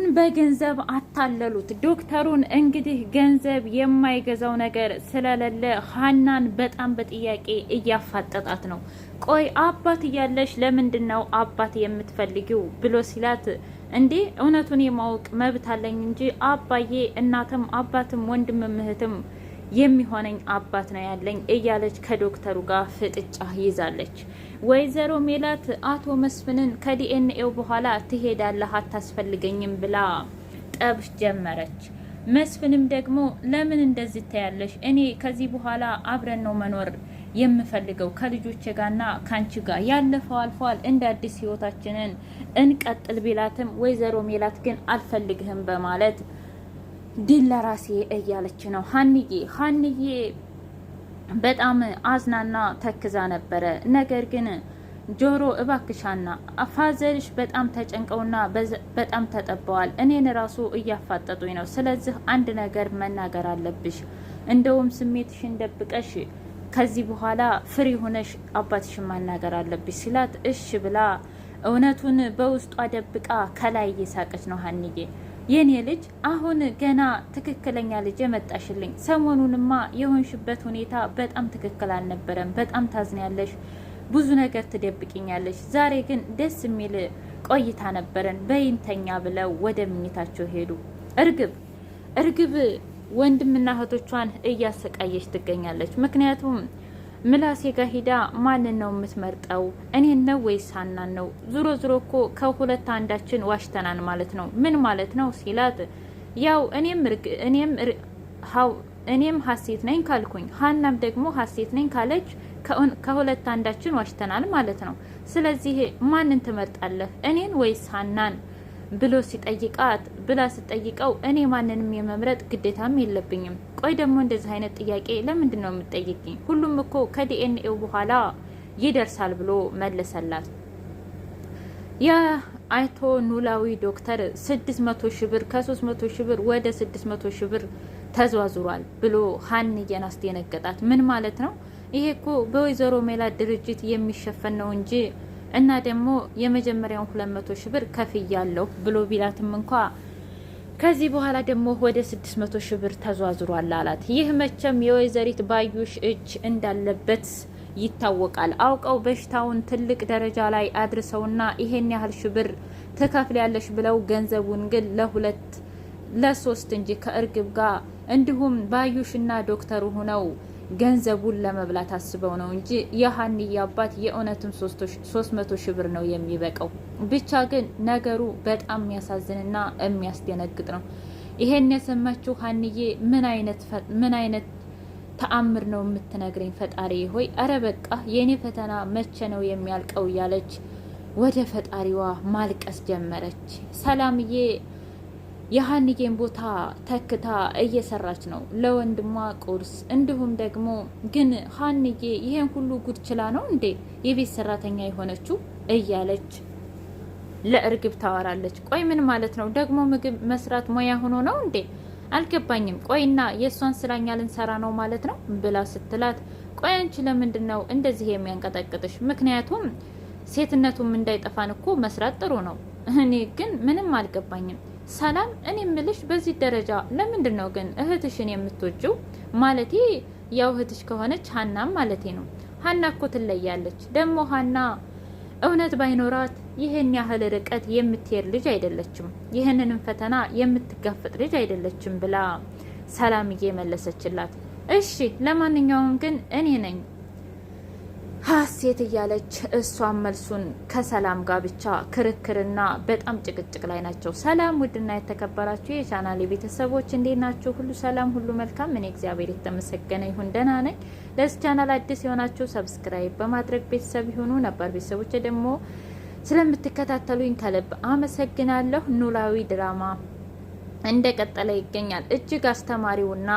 ዶክተሩን በገንዘብ አታለሉት። ዶክተሩን እንግዲህ ገንዘብ የማይገዛው ነገር ስለሌለ ሀናን በጣም በጥያቄ እያፋጠጣት ነው። ቆይ አባት እያለሽ ለምንድን ነው አባት የምትፈልጊው ብሎ ሲላት እንዴ እውነቱን የማወቅ መብት አለኝ እንጂ አባዬ እናትም አባትም ወንድም እህትም የሚሆነኝ አባት ነው ያለኝ እያለች ከዶክተሩ ጋር ፍጥጫ ይዛለች። ወይዘሮ ሜላት አቶ መስፍንን ከዲኤንኤው በኋላ ትሄዳለህ አታስፈልገኝም ብላ ጠብ ጀመረች። መስፍንም ደግሞ ለምን እንደዚህ ታያለሽ? እኔ ከዚህ በኋላ አብረን ነው መኖር የምፈልገው ከልጆች ጋርና ከአንቺ ጋር ያለፈው አልፏል፣ እንደ አዲስ ህይወታችንን እንቀጥል ቢላትም ወይዘሮ ሜላት ግን አልፈልግህም በማለት ድል ለራሴ እያለች ነው ሀንዬ ሀንዬ በጣም አዝናና ተክዛ ነበረ። ነገር ግን ጆሮ እባክሻና ፋዘርሽ በጣም ተጨንቀውና በጣም ተጠበዋል። እኔን ራሱ እያፋጠጡኝ ነው። ስለዚህ አንድ ነገር መናገር አለብሽ። እንደውም ስሜትሽን ደብቀሽ ከዚህ በኋላ ፍሪ ሆነሽ አባትሽን ማናገር አለብሽ ሲላት እሽ ብላ እውነቱን በውስጧ ደብቃ ከላይ እየሳቀች ነው ሀንዬ የኔ ልጅ አሁን ገና ትክክለኛ ልጅ የመጣሽልኝ። ሰሞኑንማ የሆንሽበት ሁኔታ በጣም ትክክል አልነበረም። በጣም ታዝኛለሽ፣ ብዙ ነገር ትደብቅኛለሽ። ዛሬ ግን ደስ የሚል ቆይታ ነበረን። በይንተኛ ብለው ወደ ምኝታቸው ሄዱ። እርግብ እርግብ ወንድምና እህቶቿን እያሰቃየች ትገኛለች። ምክንያቱም ምላሴ ጋር ሂዳ ማንን ነው የምትመርጠው? እኔን ነው ወይስ ሀናን ነው? ዞሮ ዞሮ እኮ ከሁለት አንዳችን ዋሽተናል ማለት ነው። ምን ማለት ነው ሲላት፣ ያው እኔም ሀሴት ነኝ ካልኩኝ ሀናም ደግሞ ሀሴት ነኝ ካለች ከሁለት አንዳችን ዋሽተናል ማለት ነው። ስለዚህ ማንን ትመርጣለህ? እኔን ወይስ ሀናን? ብሎ ሲጠይቃት ብላ ስትጠይቀው እኔ ማንንም የመምረጥ ግዴታም የለብኝም። ቆይ ደግሞ እንደዚህ አይነት ጥያቄ ለምንድን ነው የምትጠይቅኝ? ሁሉም እኮ ከዲኤንኤው በኋላ ይደርሳል ብሎ መለሰላት። የአይቶ ኖላዊ ዶክተር 600 ሺህ ብር ከ300 ሺህ ብር ወደ 600 ሺህ ብር ተዟዙሯል ብሎ ሀንዬን አስደነገጣት። ምን ማለት ነው? ይሄ እኮ በወይዘሮ ሜላት ድርጅት የሚሸፈን ነው እንጂ እና ደግሞ የመጀመሪያውን ሁለት መቶ ሺህ ብር ከፍያለሁ ብሎ ቢላትም እንኳ ከዚህ በኋላ ደግሞ ወደ ስድስት መቶ ሺህ ብር ተዟዝሯል አላት። ይህ መቼም የወይዘሪት ባዩሽ እጅ እንዳለበት ይታወቃል። አውቀው በሽታውን ትልቅ ደረጃ ላይ አድርሰውና ይሄን ያህል ሽብር ብር ያለሽ ብለው ገንዘቡን ግን ለሁለት ለሶስት እንጂ ከእርግብ ጋር እንዲሁም ባዩሽና ዶክተሩ ሆነው ገንዘቡን ለመብላት አስበው ነው እንጂ የሀንዬ አባት የእውነትም ሶስት መቶ ሺህ ብር ነው የሚበቃው። ብቻ ግን ነገሩ በጣም የሚያሳዝንና የሚያስደነግጥ ነው። ይሄን የሰማችው ሀንዬ ምን አይነት ተአምር ነው የምትነግረኝ ፈጣሪ ሆይ፣ አረ በቃ የእኔ ፈተና መቼ ነው የሚያልቀው? እያለች ወደ ፈጣሪዋ ማልቀስ ጀመረች። ሰላምዬ የሀንዬን ቦታ ተክታ እየሰራች ነው ለወንድሟ ቁርስ። እንዲሁም ደግሞ ግን ሀንዬ ይሄን ሁሉ ጉድ ችላ ነው እንዴ የቤት ሰራተኛ የሆነችው እያለች ለእርግብ ታወራለች። ቆይ ምን ማለት ነው ደግሞ? ምግብ መስራት ሙያ ሆኖ ነው እንዴ? አልገባኝም። ቆይና የእሷን ስራኛ ልንሰራ ነው ማለት ነው ብላ ስትላት፣ ቆይ አንቺ ለምንድን ነው እንደዚህ የሚያንቀጠቅጥሽ? ምክንያቱም ሴትነቱም እንዳይጠፋን እኮ መስራት ጥሩ ነው። እኔ ግን ምንም አልገባኝም። ሰላም፣ እኔ ምልሽ በዚህ ደረጃ ለምንድን ነው ግን እህትሽን የምትወጂው? ማለቴ ያው እህትሽ ከሆነች ሀናም ማለቴ ነው። ሀና እኮ ትለያለች። ደግሞ ሀና እውነት ባይኖራት ይህን ያህል ርቀት የምትሄድ ልጅ አይደለችም፣ ይህንንም ፈተና የምትጋፍጥ ልጅ አይደለችም ብላ ሰላምዬ መለሰችላት። እሺ ለማንኛውም ግን እኔ ነኝ ሀሴት እያለች እሷን መልሱን ከሰላም ጋር ብቻ ክርክርና በጣም ጭቅጭቅ ላይ ናቸው። ሰላም ውድና የተከበራችሁ የቻናል ቤተሰቦች እንዴት ናችሁ? ሁሉ ሰላም፣ ሁሉ መልካም። እኔ እግዚአብሔር የተመሰገነ ይሁን ደህና ነኝ። ለዚህ ቻናል አዲስ የሆናችሁ ሰብስክራይብ በማድረግ ቤተሰብ ይሁኑ። ነባር ቤተሰቦች ደግሞ ስለምትከታተሉኝ ከልብ አመሰግናለሁ። ኖላዊ ድራማ እንደቀጠለ ይገኛል። እጅግ አስተማሪውና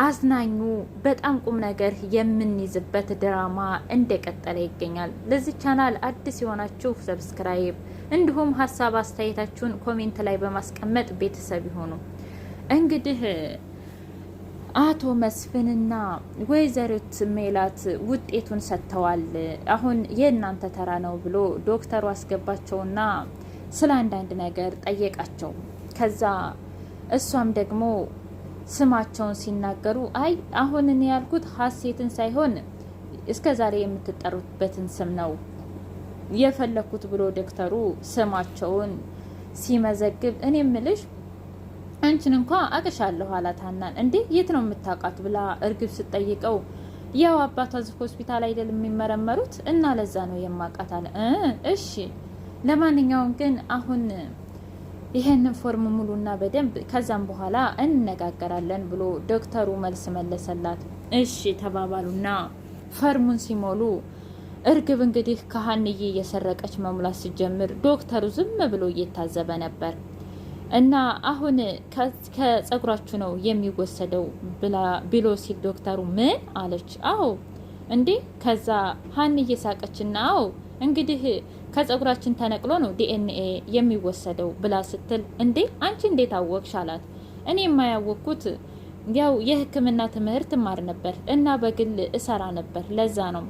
አዝናኙ በጣም ቁም ነገር የምንይዝበት ድራማ እንደቀጠለ ይገኛል። ለዚህ ቻናል አዲስ የሆናችሁ ሰብስክራይብ፣ እንዲሁም ሀሳብ አስተያየታችሁን ኮሜንት ላይ በማስቀመጥ ቤተሰብ ይሆኑ። እንግዲህ አቶ መስፍንና ወይዘሪት ሜላት ውጤቱን ሰጥተዋል። አሁን የእናንተ ተራ ነው ብሎ ዶክተሩ አስገባቸውና ስለ አንዳንድ ነገር ጠየቃቸው። ከዛ እሷም ደግሞ ስማቸውን ሲናገሩ አይ አሁን እኔ ያልኩት ሀሴትን ሳይሆን እስከ ዛሬ የምትጠሩበትን ስም ነው የፈለኩት ብሎ ዶክተሩ ስማቸውን ሲመዘግብ እኔ ምልሽ አንቺን እንኳ አቅሻለሁ አላት ሀናን። እንዴ የት ነው የምታውቃት ብላ እርግብ ስትጠይቀው ያው አባቷ ዝፍ ሆስፒታል አይደል የሚመረመሩት እና ለዛ ነው የማውቃት አለ። እሺ ለማንኛውም ግን አሁን ይሄንን ፎርም ሙሉና በደንብ ከዛም በኋላ እንነጋገራለን ብሎ ዶክተሩ መልስ መለሰላት። እሺ ተባባሉና ፈርሙን ሲሞሉ እርግብ እንግዲህ ከሀንዬ እየሰረቀች መሙላት ሲጀምር ዶክተሩ ዝም ብሎ እየታዘበ ነበር። እና አሁን ከጸጉራችሁ ነው የሚወሰደው ብሎ ሲል ዶክተሩ ምን አለች? አዎ እንዴ! ከዛ ሀንዬ ሳቀችና አዎ እንግዲህ ከፀጉራችን ተነቅሎ ነው ዲኤንኤ የሚወሰደው ብላ ስትል እንዴ አንቺ እንዴት አወቅሽ አላት። እኔ የማያወቅኩት ያው የሕክምና ትምህርት እማር ነበር እና በግል እሰራ ነበር ለዛ ነው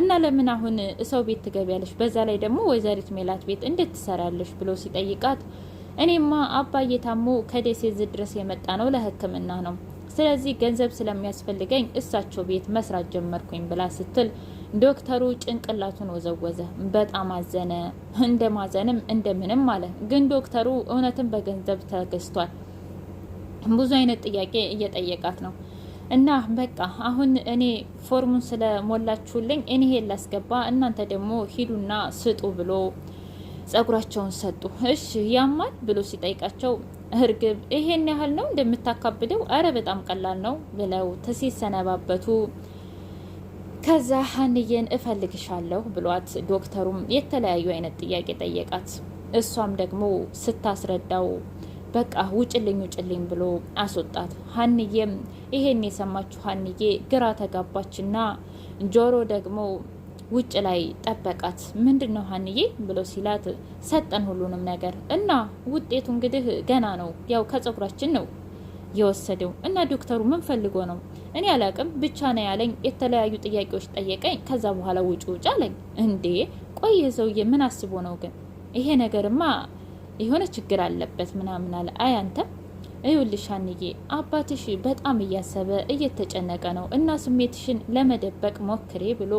እና ለምን አሁን ሰው ቤት ትገቢያለሽ? በዛ ላይ ደግሞ ወይዘሪት ሜላት ቤት እንዴት ትሰራለሽ? ብሎ ሲጠይቃት እኔማ አባዬ ታሞ ከደሴ ዝ ድረስ የመጣ ነው ለሕክምና ነው ስለዚህ ገንዘብ ስለሚያስፈልገኝ እሳቸው ቤት መስራት ጀመርኩኝ ብላ ስትል ዶክተሩ ጭንቅላቱን ወዘወዘ። በጣም አዘነ። እንደ ማዘንም እንደምንም አለ። ግን ዶክተሩ እውነትን በገንዘብ ተገዝቷል። ብዙ አይነት ጥያቄ እየጠየቃት ነው እና በቃ አሁን እኔ ፎርሙን ስለሞላችሁልኝ እኔ ላስገባ፣ እናንተ ደግሞ ሂዱና ስጡ ብሎ ጸጉራቸውን ሰጡ። እሺ ያማል ብሎ ሲጠይቃቸው እርግብ ይሄን ያህል ነው እንደምታካብደው? አረ በጣም ቀላል ነው ብለው ተሲሰነባበቱ ከዛ ሀንዬን እፈልግሻለሁ ብሏት ዶክተሩም የተለያዩ አይነት ጥያቄ ጠየቃት። እሷም ደግሞ ስታስረዳው በቃ ውጭልኝ ውጭልኝ ብሎ አስወጣት። ሀንዬም ይሄን የሰማችሁ ሀንዬ ግራ ተጋባችና ጆሮ ደግሞ ውጭ ላይ ጠበቃት። ምንድን ነው ሀንዬ ብሎ ሲላት ሰጠን ሁሉንም ነገር እና ውጤቱ እንግዲህ ገና ነው፣ ያው ከፀጉራችን ነው የወሰደው እና ዶክተሩ ምን ፈልጎ ነው እኔ አላቅም ብቻ ነው ያለኝ። የተለያዩ ጥያቄዎች ጠየቀኝ። ከዛ በኋላ ውጭ ውጭ አለኝ። እንዴ ቆየ ሰውዬ ምን አስቦ ነው ግን? ይሄ ነገርማ የሆነ ችግር አለበት ምናምን አለ። አይ አንተም እዩልሽ ሀንዬ አባትሽ በጣም እያሰበ እየተጨነቀ ነው እና ስሜትሽን ለመደበቅ ሞክሬ ብሎ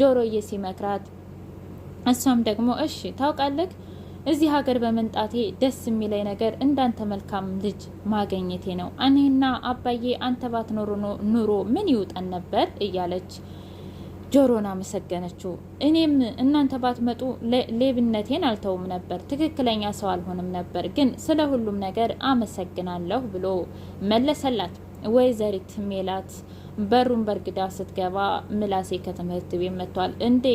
ጆሮዬ ሲመክራት እሷም ደግሞ እሺ ታውቃለህ እዚህ ሀገር በመምጣቴ ደስ የሚለኝ ነገር እንዳንተ መልካም ልጅ ማገኘቴ ነው። እኔና አባዬ አንተ ባትኖር ኑሮ ምን ይውጠን ነበር እያለች ጆሮን አመሰገነችው። እኔም እናንተ ባትመጡ ሌብነቴን አልተውም ነበር፣ ትክክለኛ ሰው አልሆንም ነበር፣ ግን ስለ ሁሉም ነገር አመሰግናለሁ ብሎ መለሰላት። ወይዘሪት ሜላት በሩን በርግዳ ስትገባ ምላሴ ከትምህርት ቤት መጥቷል እንዴ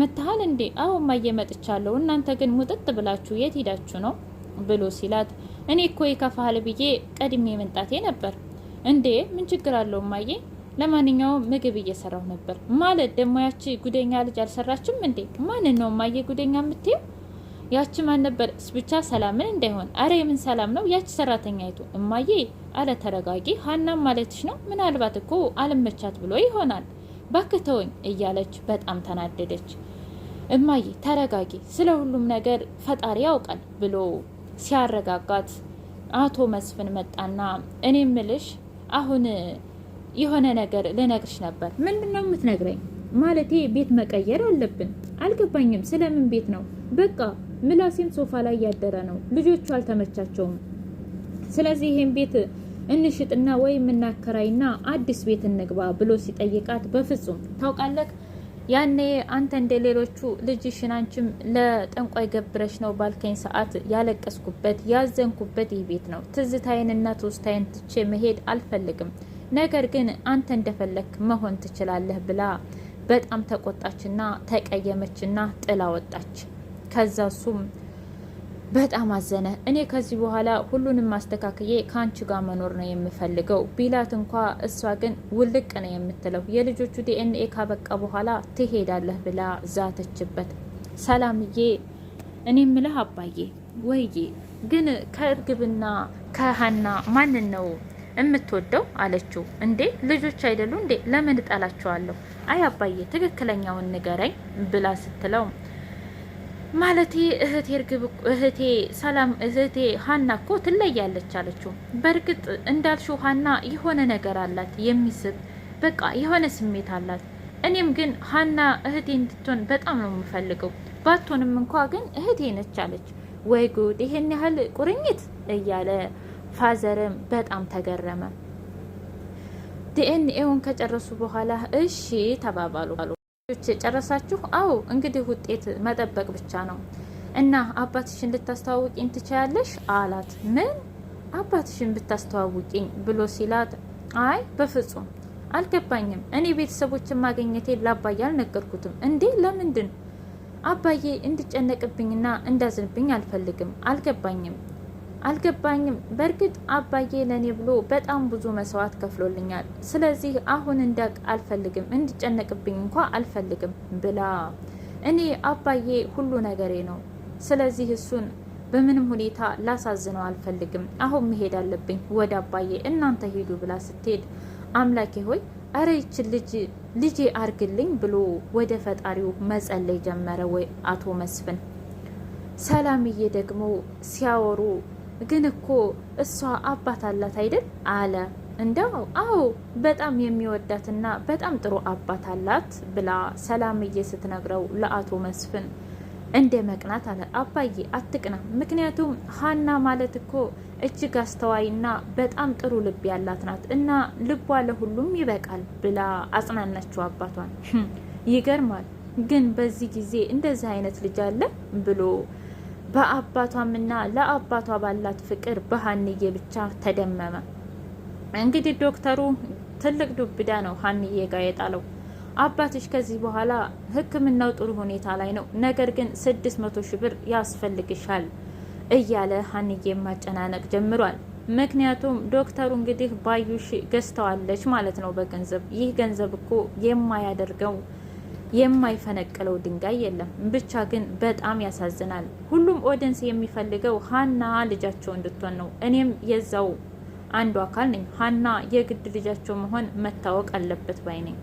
መታሃል እንዴ? አዎ እማዬ መጥቻለሁ። እናንተ ግን ሙጥጥ ብላችሁ የት ሄዳችሁ ነው ብሎ ሲላት፣ እኔ እኮ ይከፋሃል ብዬ ቀድሜ መምጣቴ ነበር። እንዴ ምን ችግር አለው እማዬ? ለማንኛውም ምግብ እየሰራሁ ነበር። ማለት ደግሞ ያቺ ጉደኛ ልጅ አልሰራችም እንዴ? ማንን ነው እማዬ ጉደኛ የምትየው? ያቺ ማን ነበር? ብቻ ሰላምን እንዳይሆን። አረ የምን ሰላም ነው ያቺ ሰራተኛ ይቱ። እማዬ አለ ተረጋጊ። ሀናም ማለትሽ ነው? ምናልባት እኮ አልመቻት ብሎ ይሆናል ባክተወኝ እያለች በጣም ተናደደች። እማዬ ተረጋጊ፣ ስለ ሁሉም ነገር ፈጣሪ ያውቃል ብሎ ሲያረጋጋት አቶ መስፍን መጣና እኔ ምልሽ አሁን የሆነ ነገር ልነግርሽ ነበር። ምንድን ነው የምትነግረኝ? ማለቴ ቤት መቀየር አለብን። አልገባኝም። ስለምን ቤት ነው? በቃ ምላሴም ሶፋ ላይ ያደረ ነው። ልጆቹ አልተመቻቸውም። ስለዚህ ይህን ቤት እንሽጥና ወይም እናከራይና አዲስ ቤት እንግባ ብሎ ሲጠይቃት በፍጹም ታውቃለህ ያኔ አንተ እንደ ሌሎቹ ልጅሽን አንቺም ለጠንቋይ ገብረሽ ነው ባልከኝ ሰዓት ያለቀስኩበት ያዘንኩበት ይህ ቤት ነው። ትዝታዬንና ትውስታዬን ትቼ መሄድ አልፈልግም፣ ነገር ግን አንተ እንደፈለክ መሆን ትችላለህ ብላ በጣም ተቆጣችና ተቀየመችና ጥላ ወጣች። ከዛ እሱም በጣም አዘነ። እኔ ከዚህ በኋላ ሁሉንም ማስተካከዬ ከአንቺ ጋር መኖር ነው የምፈልገው ቢላት እንኳ እሷ ግን ውልቅ ነው የምትለው። የልጆቹ ዲኤንኤ ካበቃ በኋላ ትሄዳለህ ብላ ዛተችበት። ሰላምዬ፣ እኔ ምልህ አባዬ፣ ወይዬ ግን ከእርግብና ከሀና ማንን ነው የምትወደው አለችው። እንዴ ልጆች አይደሉ እንዴ? ለምን እጠላቸዋለሁ? አይ አባዬ፣ ትክክለኛውን ንገረኝ ብላ ስትለው ማለቴ እህቴ እርግብ እህቴ ሰላም እህቴ ሀና እኮ ትለያለች አለችው። በእርግጥ እንዳልሽው ሀና የሆነ ነገር አላት የሚስብ በቃ የሆነ ስሜት አላት። እኔም ግን ሀና እህቴ እንድትሆን በጣም ነው የምፈልገው። ባትሆንም እንኳ ግን እህቴ ነች አለች። ወይ ጉድ ይሄን ያህል ቁርኝት እያለ ፋዘርም በጣም ተገረመ። ዲኤንኤውን ከጨረሱ በኋላ እሺ ተባባሉ። ልጆች የጨረሳችሁ? አዎ፣ እንግዲህ ውጤት መጠበቅ ብቻ ነው እና አባትሽን ልታስተዋውቂኝ ትችያለሽ አላት። ምን አባትሽን ብታስተዋውቂኝ ብሎ ሲላት፣ አይ በፍጹም አልገባኝም። እኔ ቤተሰቦችን ማግኘቴ ላባዬ አልነገርኩትም። እንዴ ለምንድን? አባዬ እንድጨነቅብኝና እንዳዝንብኝ አልፈልግም። አልገባኝም አልገባኝም። በእርግጥ አባዬ ለእኔ ብሎ በጣም ብዙ መስዋዕት ከፍሎልኛል። ስለዚህ አሁን እንዳቅ አልፈልግም፣ እንዲጨነቅብኝ እንኳ አልፈልግም ብላ እኔ አባዬ ሁሉ ነገሬ ነው። ስለዚህ እሱን በምንም ሁኔታ ላሳዝነው አልፈልግም። አሁን መሄድ አለብኝ ወደ አባዬ፣ እናንተ ሄዱ ብላ ስትሄድ አምላኬ ሆይ እረ ይች ልጅ ልጄ አርግልኝ ብሎ ወደ ፈጣሪው መጸለይ ጀመረ። ወይ አቶ መስፍን ሰላምዬ ደግሞ ሲያወሩ ግን እኮ እሷ አባት አላት አይደል? አለ እንደው አዎ፣ በጣም የሚወዳትና በጣም ጥሩ አባት አላት ብላ ሰላምዬ ስትነግረው ለአቶ መስፍን እንደ መቅናት አለ። አባዬ አትቅና፣ ምክንያቱም ሀና ማለት እኮ እጅግ አስተዋይና በጣም ጥሩ ልብ ያላት ናት እና ልቧ ለሁሉም ይበቃል ብላ አጽናናችው አባቷን። ይገርማል ግን በዚህ ጊዜ እንደዚህ አይነት ልጅ አለ ብሎ በአባቷምና ለአባቷ ባላት ፍቅር በሀንዬ ብቻ ተደመመ። እንግዲህ ዶክተሩ ትልቅ ዱብዳ ነው ሀንዬ ጋር የጣለው። አባትሽ ከዚህ በኋላ ሕክምናው ጥሩ ሁኔታ ላይ ነው፣ ነገር ግን ስድስት መቶ ሺህ ብር ያስፈልግሻል እያለ ሀንዬ ማጨናነቅ ጀምሯል። ምክንያቱም ዶክተሩ እንግዲህ ባዩሽ ገዝተዋለች ማለት ነው በገንዘብ ይህ ገንዘብ እኮ የማያደርገው የማይፈነቅለው ድንጋይ የለም። ብቻ ግን በጣም ያሳዝናል። ሁሉም ኦደንስ የሚፈልገው ሀና ልጃቸው እንድትሆን ነው። እኔም የዛው አንዱ አካል ነኝ። ሀና የግድ ልጃቸው መሆን መታወቅ አለበት ባይ ነኝ።